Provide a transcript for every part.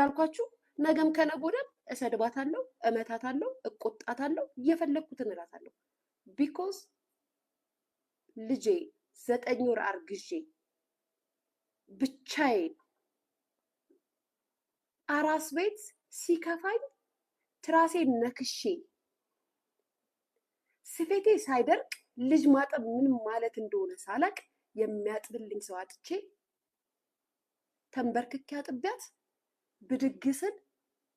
እንዳልኳችሁ ነገም ከነገ ወዲያም እሰድባታለሁ፣ እመታታለሁ፣ እቆጣታለሁ፣ እየፈለግኩትን እላታለሁ። ቢኮዝ ልጄ ዘጠኝ ወር አርግዤ ብቻዬን አራስ ቤት ሲከፋኝ ትራሴ ነክሼ ስፌቴ ሳይደርቅ ልጅ ማጠብ ምን ማለት እንደሆነ ሳላቅ የሚያጥብልኝ ሰው አጥቼ ተንበርክኬ አጥቢያት ብድግስን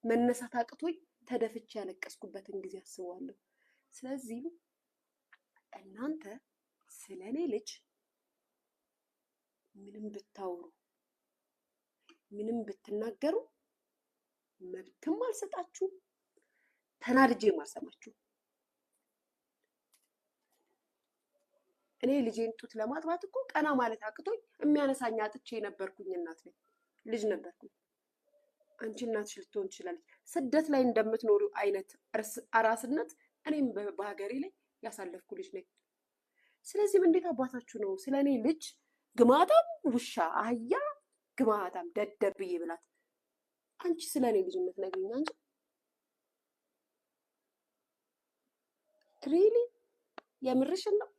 መነሳት አቅቶኝ ተደፍቼ ያለቀስኩበትን ጊዜ አስባለሁ። ስለዚህ እናንተ ስለ እኔ ልጅ ምንም ብታወሩ ምንም ብትናገሩ መብትም አልሰጣችሁ፣ ተናድጄም አልሰማችሁ። እኔ ልጄን ጡት ለማጥባት እኮ ቀና ማለት አቅቶኝ የሚያነሳኝ አጥቼ የነበርኩኝ እናት ነኝ፣ ልጅ ነበርኩኝ። አንቺ እናትሽ ልትሆን ትችላለች። ስደት ላይ እንደምትኖሪው አይነት አራስነት እኔም በሀገሬ ላይ ያሳለፍኩ ልጅ ነኝ። ስለዚህም እንዴት አባታችሁ ነው ስለ እኔ ልጅ ግማታም ውሻ አህያ ግማታም ደደብዬ ብላት አንቺ ስለ እኔ ልጅነት ነግሪኝ። እንጂ ሪሊ የምርሽን ነው?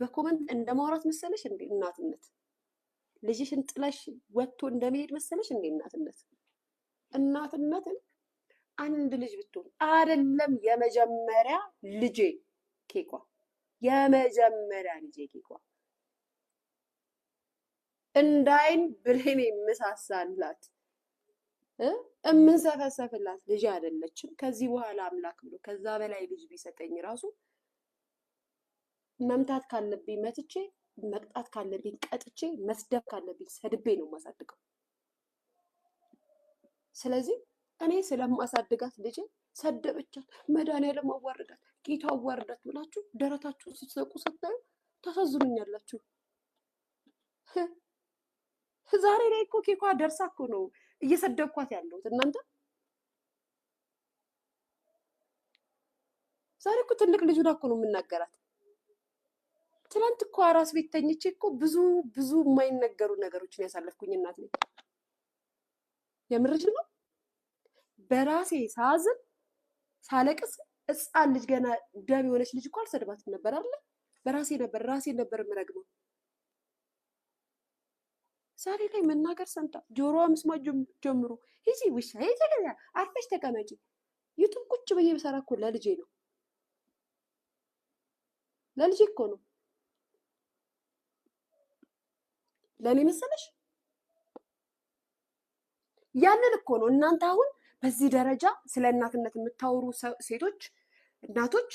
በኮመንት እንደማውራት መሰለሽ እንዴ እናትነት ልጅሽን ጥለሽ ወጥቶ እንደመሄድ መሰለሽ እንዴ? እናትነት እናትነትን አንድ ልጅ ብትሆን አይደለም የመጀመሪያ ልጄ ኬኳ የመጀመሪያ ልጄ ኬኳ እንዳይን ብሌን የምሳሳላት እምንሰፈሰፍላት ልጅ አይደለችም። ከዚህ በኋላ አምላክ ብሎ ከዛ በላይ ልጅ ቢሰጠኝ ራሱ መምታት ካለብኝ መትቼ መቅጣት ካለብኝ ቀጥቼ፣ መስደብ ካለብኝ ሰድቤ ነው የማሳድገው። ስለዚህ እኔ ስለማሳድጋት ልጅ ሰደበቻት፣ መድኃኒዓለም አዋረዳት፣ ጌታ አዋረዳት ብላችሁ ደረታችሁን ስትሰቁ ስታዩ ታሳዝኑኛላችሁ። ዛሬ ላይ እኮ ኬኳ ደርሳ እኮ ነው እየሰደብኳት ያለሁት እናንተ ዛሬ እኮ ትልቅ ልጅ ሆና እኮ ነው የምናገራት። ትናንት እኮ አራስ ቤት ተኝቼ እኮ ብዙ ብዙ የማይነገሩ ነገሮችን ያሳለፍኩኝ እናት ነኝ። የምርጅ ነው። በራሴ ሳዝን ሳለቅስ እጻን ልጅ ገና ደም የሆነች ልጅ እኮ አልሰድባትም ነበር አለ በራሴ ነበር ራሴ ነበር የምረግመው። ዛሬ ላይ መናገር ሰምታ ጆሮዋ ምስማ ጀምሮ ሂጂ ውሻ ሂጂ ገዛ አርፈሽ ተቀመጪ ዩቱብ ቁጭ ብዬ ብሰራ እኮ ለልጄ ነው ለልጄ እኮ ነው። ለእኔ መሰለሽ? ያንን እኮ ነው እናንተ አሁን በዚህ ደረጃ ስለ እናትነት የምታወሩ ሴቶች እናቶች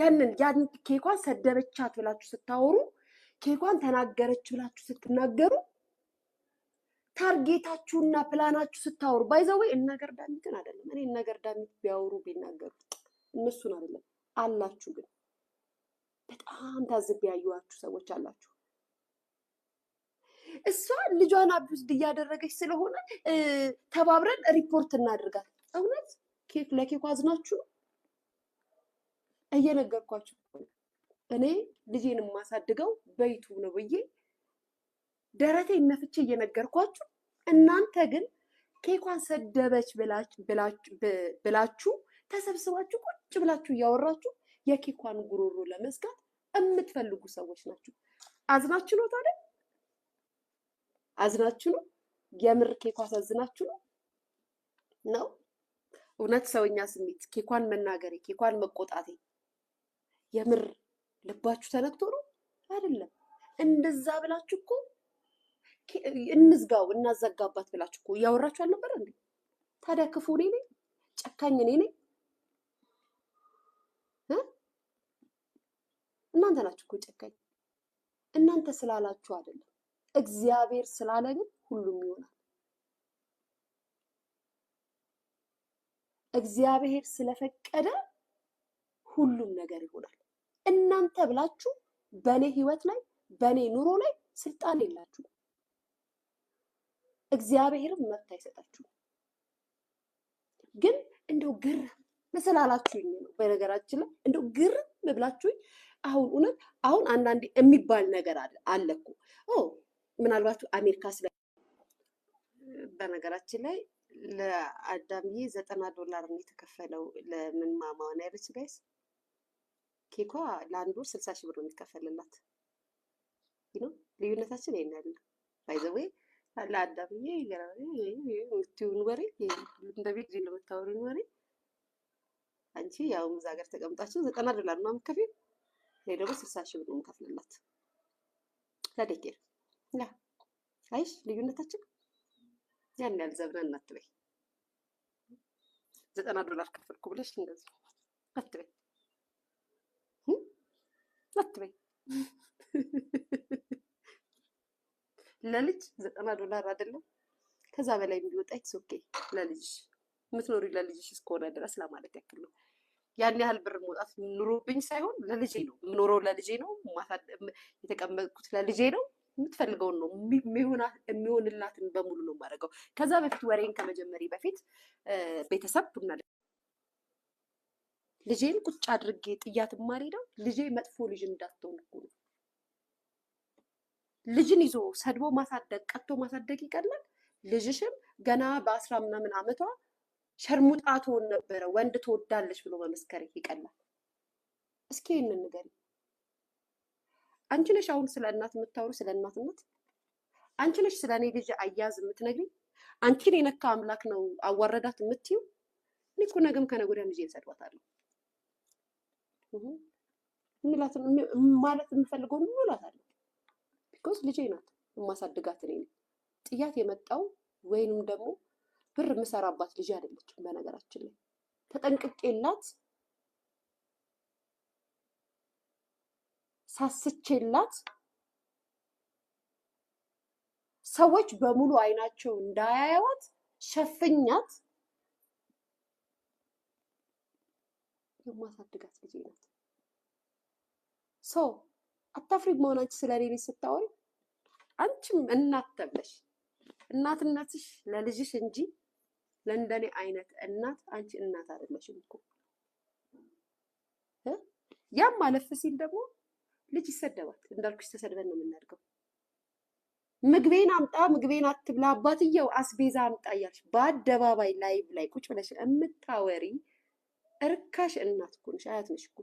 ያንን ያን ኬኳን ሰደበቻት ብላችሁ ስታወሩ ኬኳን ተናገረች ብላችሁ ስትናገሩ ታርጌታችሁና ፕላናችሁ ስታወሩ ባይዘዌ እነገር ዳሚትን አይደለም እኔ እነገር ዳሚት ቢያወሩ ቢናገሩ እነሱን አይደለም አላችሁ ግን በጣም ታዝብ ያዩዋችሁ ሰዎች አላችሁ እሷ ልጇን አቢውስድ እያደረገች ስለሆነ ተባብረን ሪፖርት እናድርጋት። እውነት ኬክ ለኬኩ አዝናችሁ እየነገርኳችሁ እኔ ልጄን የማሳድገው በይቱ ነው ብዬ ደረቴ ነፍቼ እየነገርኳችሁ እናንተ ግን ኬኳን ሰደበች ብላችሁ ተሰብስባችሁ ቁጭ ብላችሁ እያወራችሁ የኬኳን ጉሮሮ ለመዝጋት የምትፈልጉ ሰዎች ናችሁ። አዝናችሁ ነው ታዲያ። አዝናችሁ ነው? የምር ኬኳ አሳዝናችሁ ነው ነው እውነት ሰውኛ ስሜት ኬኳን መናገሬ ኬኳን መቆጣቴ የምር ልባችሁ ተነክቶ ነው አይደለም? እንደዛ ብላችሁ እኮ እንዝጋው እናዘጋባት ብላችሁ እኮ እያወራችሁ አልነበረ እንዴ? ታዲያ ክፉ እኔ ነኝ? ጨካኝ እኔ ነኝ? እናንተ ናችሁ እኮ ጨካኝ። እናንተ ስላላችሁ አይደለም እግዚአብሔር ስላለ ግን ሁሉም ይሆናል። እግዚአብሔር ስለፈቀደ ሁሉም ነገር ይሆናል። እናንተ ብላችሁ በእኔ ህይወት ላይ በእኔ ኑሮ ላይ ስልጣን የላችሁ። እግዚአብሔርም መብት አይሰጣችሁ። ግን እንደው ግር ስላላችሁኝ ነው። በነገራችን ላይ እንደው ግር ብላችሁኝ አሁን እውነት አሁን አንዳንዴ የሚባል ነገር አለ እኮ ምናልባት አሜሪካ ስለ በነገራችን ላይ ለአዳምዬ ዘጠና ዶላር ነው የተከፈለው። ለምን ማማውን አይረች ጋይስ ኬኳ ለአንዱ ስልሳ ሺህ ብር ነው የሚከፈልላት። ነው ልዩነታችን ይሄን ያለ ባይዘዌ ለአዳምዬ የምትይውን ወሬ እንደ ቤት ለምታወሪውን ወሬ አንቺ ያው እዛ ሀገር ተቀምጣችሁ ዘጠና ዶላር ነው የምትከፊው። ይሄ ደግሞ ስልሳ ሺህ ብር ነው የምከፍልላት ለደቂቃ ላ አይሽ ልዩነታችን ያን ያህል ዘብረን አትበይ። ዘጠና ዶላር ከፈልኩ ብለሽ እንደዚህ አትበይ አትበይ። ለልጅ ዘጠና ዶላር አይደለም ከዛ በላይ የሚወጣ ኢትስ ኦኬ። ለልጅሽ የምትኖሪ ለልጅሽ እስከሆነ ድረስ ለማለት ያክል ነው። ያን ያህል ብር መውጣት ኑሮብኝ ሳይሆን ለልጄ ነው የምኖረው፣ ለልጄ ነው የተቀመጥኩት፣ ለልጄ ነው የምትፈልገውን ነው የሚሆንላትን በሙሉ ነው የማደርገው። ከዛ በፊት ወሬን ከመጀመሪ በፊት ቤተሰብ ቡና ልጄን ቁጭ አድርጌ ጥያት ማሬደው ልጄ መጥፎ ልጅ እንዳትሆን እኮ ነው። ልጅን ይዞ ሰድቦ ማሳደግ ቀጥቶ ማሳደግ ይቀላል። ልጅሽም ገና በአስራ ምናምን ዓመቷ ሸርሙጣ ትሆን ነበረ ወንድ ትወዳለች ብሎ መመስከር ይቀላል። እስኪ ይህንን ንገሪኝ። አንቺ ነሽ አሁን ስለ እናት የምታወሩ ስለ እናትነት አንቺ ነሽ ስለ እኔ ልጅ አያያዝ የምትነግሪኝ አንቺን የነካ አምላክ ነው አዋረዳት የምትዩ እኔ እኮ ነገም ከነገ ወዲያ ልጄን ሰድባታለሁ ማለት የምፈልገው ምን እላታለሁ ቢኮዝ ልጄ ናት የማሳድጋት እኔ ነው ጥያት የመጣው ወይንም ደግሞ ብር የምሰራባት ልጅ አይደለችም በነገራችን ላይ ተጠንቅቄላት ሳስቼላት ሰዎች በሙሉ አይናቸው እንዳያያዋት ሸፍኛት የማሳድጋት ጊዜ ናት። ሶ አታፍሪ መሆናች ስለሌሌ ስታወሪ አንቺም እናት ተብለሽ እናትነትሽ ለልጅሽ እንጂ ለእንደኔ አይነት እናት አንቺ እናት አይደለሽም እኮ ያም አለፍ ሲል ደግሞ ልጅ ይሰደባል። እንዳልኩሽ ተሰድበን ነው የምናድገው። ምግቤን አምጣ፣ ምግቤን አትብላ፣ አባትየው አስቤዛ አምጣ እያልሽ በአደባባይ ላይ ላይ ቁጭ ብለሽ የምታወሪ እርካሽ እናት እኮ ነሽ፣ አያት ነሽ እኮ።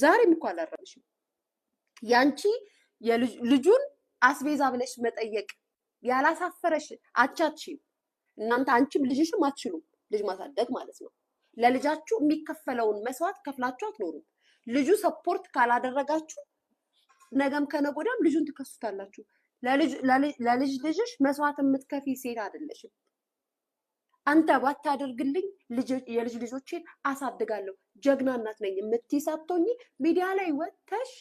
ዛሬም እኮ አላረምሽም። ያንቺ ልጁን አስቤዛ ብለሽ መጠየቅ ያላሳፈረሽ አቻችም እናንተ አንቺም ልጅሽም አትችሉም። ልጅ ማሳደግ ማለት ነው። ለልጃችሁ የሚከፈለውን መስዋዕት ከፍላችሁ አትኖሩም። ልጁ ሰፖርት ካላደረጋችሁ ነገም ከነገ ወዲያም ልጁን ትከሱታላችሁ። ለልጅ ልጅሽ መስዋዕት የምትከፊ ሴት አይደለሽም። አንተ ባታደርግልኝ የልጅ ልጆችን አሳድጋለሁ ጀግና እናት ነኝ የምትይ ሚዲያ ላይ ወጥተሽ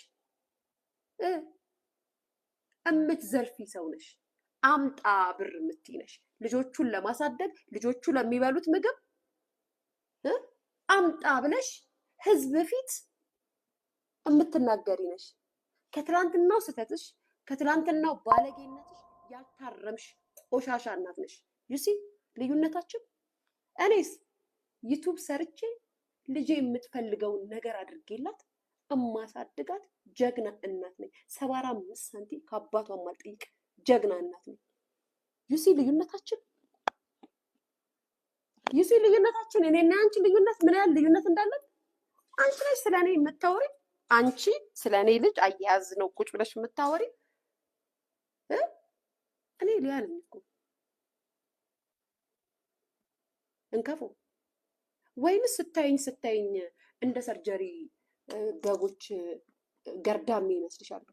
እምትዘርፊ ሰው ነሽ። አምጣ ብር የምትይ ልጆቹን ለማሳደግ ልጆቹ ለሚበሉት ምግብ አምጣ ብለሽ ህዝብ ፊት የምትናገሪ ነሽ። ከትላንትናው ስህተትሽ ከትላንትናው ባለጌነትሽ ያልታረምሽ ቆሻሻ እናት ነሽ። ዩሲ ልዩነታችን። እኔስ ዩቱብ ሰርቼ ልጄ የምትፈልገውን ነገር አድርጌላት እማሳድጋት ጀግና እናት ነኝ። ሰባራ አምስት ሳንቲም ከአባቷ ማልጠይቅ ጀግና እናት ነኝ። ዩሲ ልዩነታችን ዩሲ ልዩነታችን እኔና አንቺ ልዩነት ምን ያህል ልዩነት እንዳለን አንቺ ነሽ ስለ እኔ የምታወሪኝ አንቺ ስለ እኔ ልጅ አያያዝ ነው ቁጭ ብለሽ የምታወሪ? እኔ ሊያ ነኝ እኮ እንከፎ። ወይንስ ስታይኝ ስታይኝ እንደ ሰርጀሪ ገጎች ገርዳሜ ይመስልሻል?